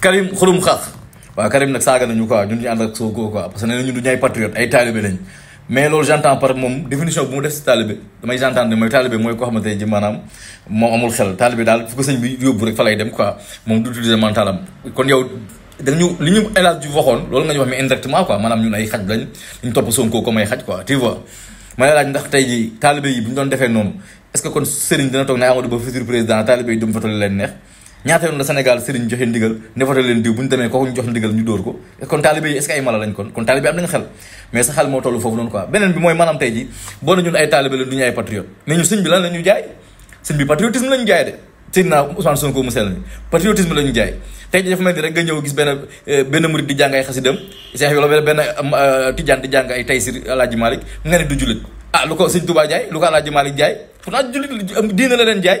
Karim xurum xax waaw Karim nag saaga nañu quoi ñun ñu ànd ak Sonko quoi parce que nee nañu du ay patriote ay taalibe lañ mais loolu j'entends par moom moom amul xel taalibe daal fu ko sëñ bi yóbbu rek fa lay dem quoi moom du utiliser mentalam kon yow dañu li ñu élage ju waxoon loolu comme ay xaj quoi tu vois may laaj ndax tey jii taalibe yi bu doon defee noonu est-ce que kon sëriñ dina toog ne Amadou Ba futur président taalibe yi du mu fa leen ñaata yoon la Sénégal sëriñ joxe ndigal ne voté leen diw bu ñu demee ko kon taalibe yi est mala lañ kon kon taalibe am nañ xel mais sa xel moo toll foofu noonu quoi beneen tey ji la ñu benn euh, benn di jàng ay xasidam seex wala benn benn euh, euh, tijaan di jàng ay taysir Alaaji Malik nga ne du jullit ah lu ko sëñ Tuubaa jaay lu ko Alaaji Malik jaay pourtant jullit diina la leen jaay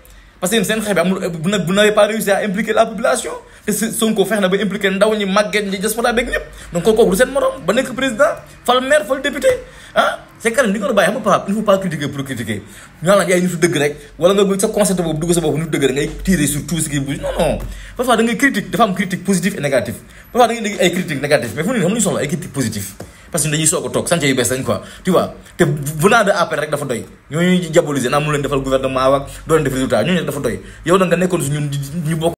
parce que seen xeex bi amul vous n'avez pas réussi à impliquer la population te Sonko feex na ba impliqué ndaw ñi màgget ñi diaspora beeg ñëpp donc kooku du seen morom ba nekk président fal maire fal député ah c'est quand même li nga war a bàyyi xam critique dafa am critique positif et négatif parfois da ngay dégg ay critique négatif mais fu mu ne xam nañu soxla ay critique positif parce que dañuy soog a toog santé yu bees lañ quoi tu vois te venant de APR rek dafa doy ñooñu diaboliser naa mu leen defal gouvernement waak doo leen def résultat ñooñu dafa doy yow da nga nekkoon si ñun ñu bokk